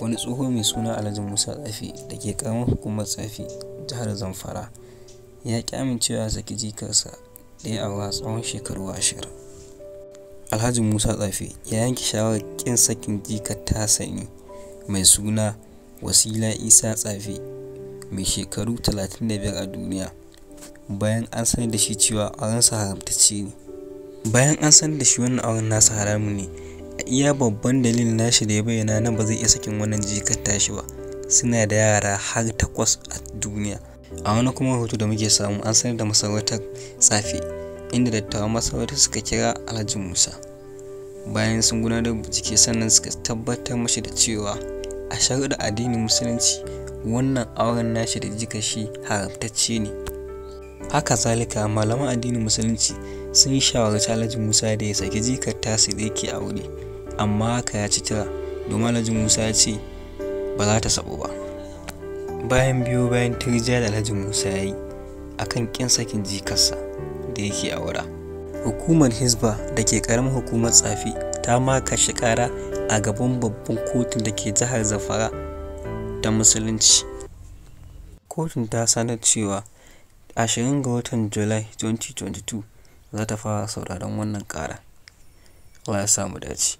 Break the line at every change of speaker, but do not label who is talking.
wani tsoho mai suna alhaji musa tsafi da ke karamar hukumar tsafi jihar zamfara ya ki amincewa ya saki jikarsa da ya aura tsawon shekaru ashirin alhaji musa tsafi ya yanke shawarar kin sakin jikar tasani mai suna wasila isa tsafi mai shekaru 35 a duniya bayan an sanar da shi cewa aurensa haramtacce ne bayan an sanar da shi wannan auren nasa haramu ne iya babban dalilin nashi da ya bayyana nan ba zai iya sakin wannan jikar tashi ba suna da yara har takwas a duniya a wani kuma hoto da muke samu an sanar da masarautar tsafi inda dattawan masarautar suka kira alhaji musa bayan sun gudanar da bincike sannan suka tabbatar mashi da cewa a shari'ar addinin musulunci wannan auren nashi da jika shi haramtacce ne haka zalika malaman addinin musulunci sun shawarci alhaji musa da ya saki jikar tasiri da yake aure amma haka ya ci kira domin alhaji musa ya ce ba za ta sabo ba bayan biyu bayan turjiya da alhaji musa ya yi a kan kin sakin jikarsa da yake aura hukumar hisba da ke karamin hukumar tsafi ta maka shi kara a gaban babban kotun da ke jihar zafara ta musulunci kotun ta sanar cewa 20 ga watan july 2022 za ta fara sauraron wannan kara Allah ya samu dace